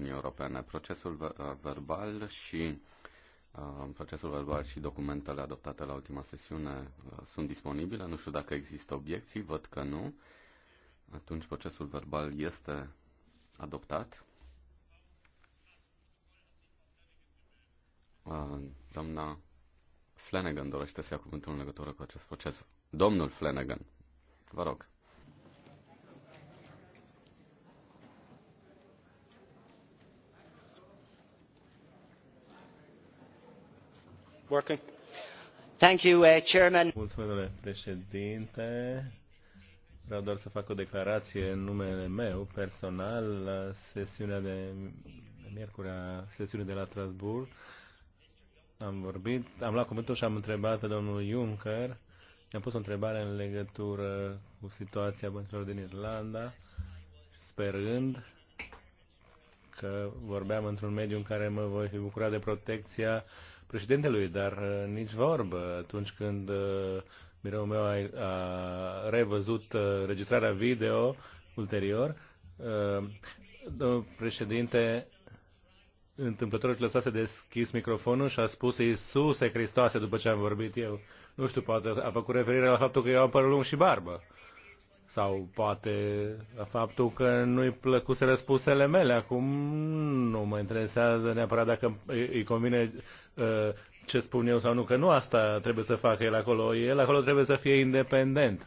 Uniunii Europene. Procesul verbal și uh, procesul verbal și documentele adoptate la ultima sesiune uh, sunt disponibile. Nu știu dacă există obiecții, văd că nu. Atunci procesul verbal este adoptat. Uh, doamna Flanagan dorește să ia cuvântul în legătură cu acest proces. Domnul Flanagan, vă rog. Uh, Mulțumesc, domnule președinte. Vreau doar să fac o declarație în numele meu personal la sesiunea de miercuri, sesiunea de la Strasbourg. Am vorbit, am luat cuvântul și am întrebat pe domnul Juncker, mi am pus o întrebare în legătură cu situația băncilor din Irlanda, sperând că vorbeam într-un mediu în care mă voi fi bucurat de protecția uh, președintelui, dar uh, nici vorbă atunci când uh, biroul meu a, a revăzut uh, registrarea video ulterior. Domnul președinte întâmplător își lăsase deschis microfonul și a spus Iisuse Hristoase după ce am vorbit eu. Nu știu, poate a făcut referire la faptul că eu am părul lung și barbă. Sau poate faptul că nu-i plăcuse răspunsele mele. Acum nu mă interesează neapărat dacă îi convine uh, ce spun eu sau nu, că nu asta trebuie să facă el acolo. El acolo trebuie să fie independent.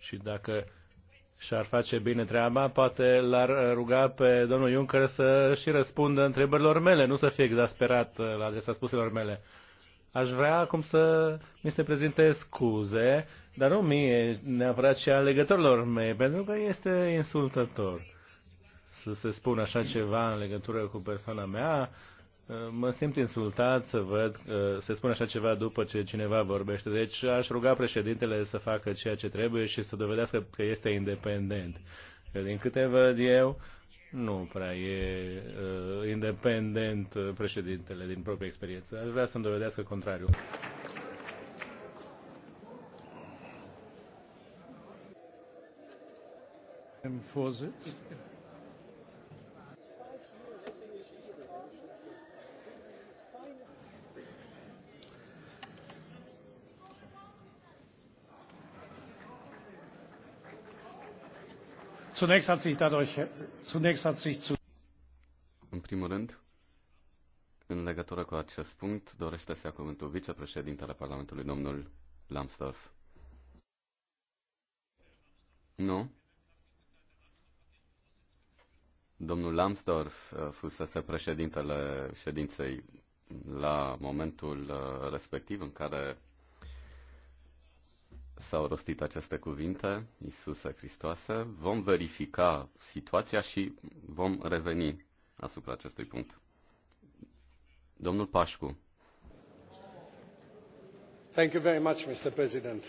Și dacă și-ar face bine treaba, poate l-ar ruga pe domnul Juncker să și răspundă întrebărilor mele, nu să fie exasperat uh, la adresa spuselor mele aș vrea acum să mi se prezinte scuze, dar nu mie neapărat și alegătorilor mei, pentru că este insultător să se spună așa ceva în legătură cu persoana mea. Mă simt insultat să văd că se spune așa ceva după ce cineva vorbește. Deci aș ruga președintele să facă ceea ce trebuie și să dovedească că este independent. Că din câte văd eu, nu prea e uh, independent uh, președintele din propria experiență. Aș vrea să-mi dovedească contrariul. În primul rând, în legătură cu acest punct, dorește să ia cuvântul vicepreședintele Parlamentului, domnul Lambsdorff. Nu? Domnul Lambsdorff uh, fusese președintele ședinței la momentul uh, respectiv în care s-au rostit aceste cuvinte, Iisuse Hristoase, vom verifica situația și vom reveni asupra acestui punct. Domnul Pașcu. Thank you very much, Mr. President.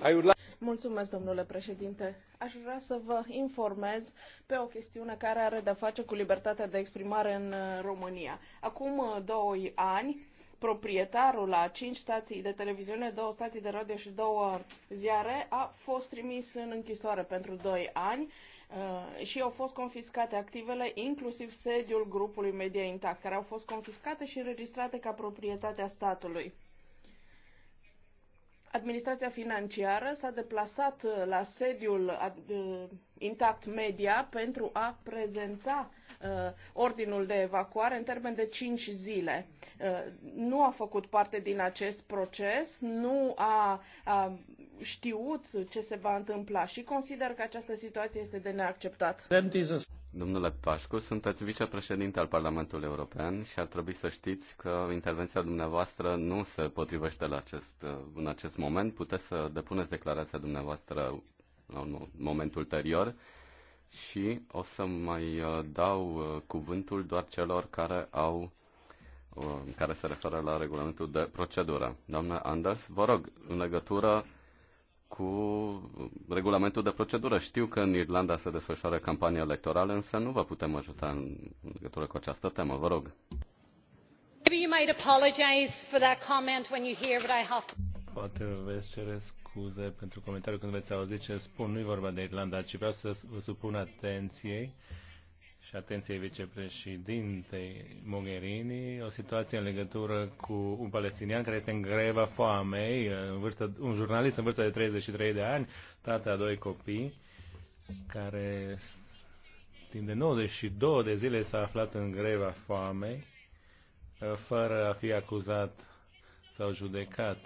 I would like... Mulțumesc, domnule președinte. Aș vrea să vă informez pe o chestiune care are de-a face cu libertatea de exprimare în uh, România. Acum uh, doi ani, proprietarul la cinci stații de televiziune, două stații de radio și două ziare a fost trimis în închisoare pentru doi ani uh, și au fost confiscate activele, inclusiv sediul grupului Media Intact, care au fost confiscate și înregistrate ca proprietatea statului. Administrația financiară s-a deplasat uh, la sediul uh, Intact Media pentru a prezenta uh, ordinul de evacuare în termen de 5 zile. Nu a făcut parte din acest proces, nu a, a știut ce se va întâmpla și consider că această situație este de neacceptat. Domnule Pașcu, sunteți vicepreședinte al Parlamentului European și ar trebui să știți că intervenția dumneavoastră nu se potrivește la acest, în acest moment. Puteți să depuneți declarația dumneavoastră la un moment ulterior și o să mai uh, dau uh, cuvântul doar celor care au uh, care se referă la regulamentul de procedură. Doamna Anders, vă rog, în legătură cu regulamentul de procedură. Știu că în Irlanda se desfășoară campania electorală, însă nu vă putem ajuta în legătură cu această temă. Vă rog. Poate veți cere scuze pentru comentariul când veți auzi ce spun. Nu-i vorba de Irlanda, ci vreau să vă supun atenției și atenție vicepreședintei Mogherini o situație în legătură cu un palestinian care este în greva foamei, în vârstă, un jurnalist în vârstă de 33 de ani, tată a doi copii, care timp de 92 de zile s-a aflat în greva foamei, fără a fi acuzat sau judecat.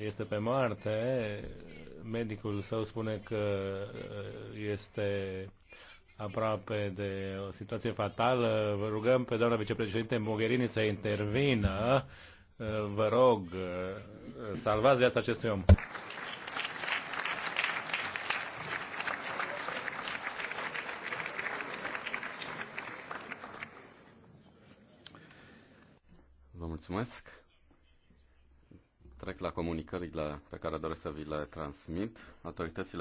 Este pe moarte, medicul său spune că este aproape de o situație fatală. Vă rugăm pe doamna vicepreședinte Mogherini să intervină. Vă rog, salvați viața acestui om. Vă mulțumesc. Trec la comunicările pe care doresc să vi le transmit. Autoritățile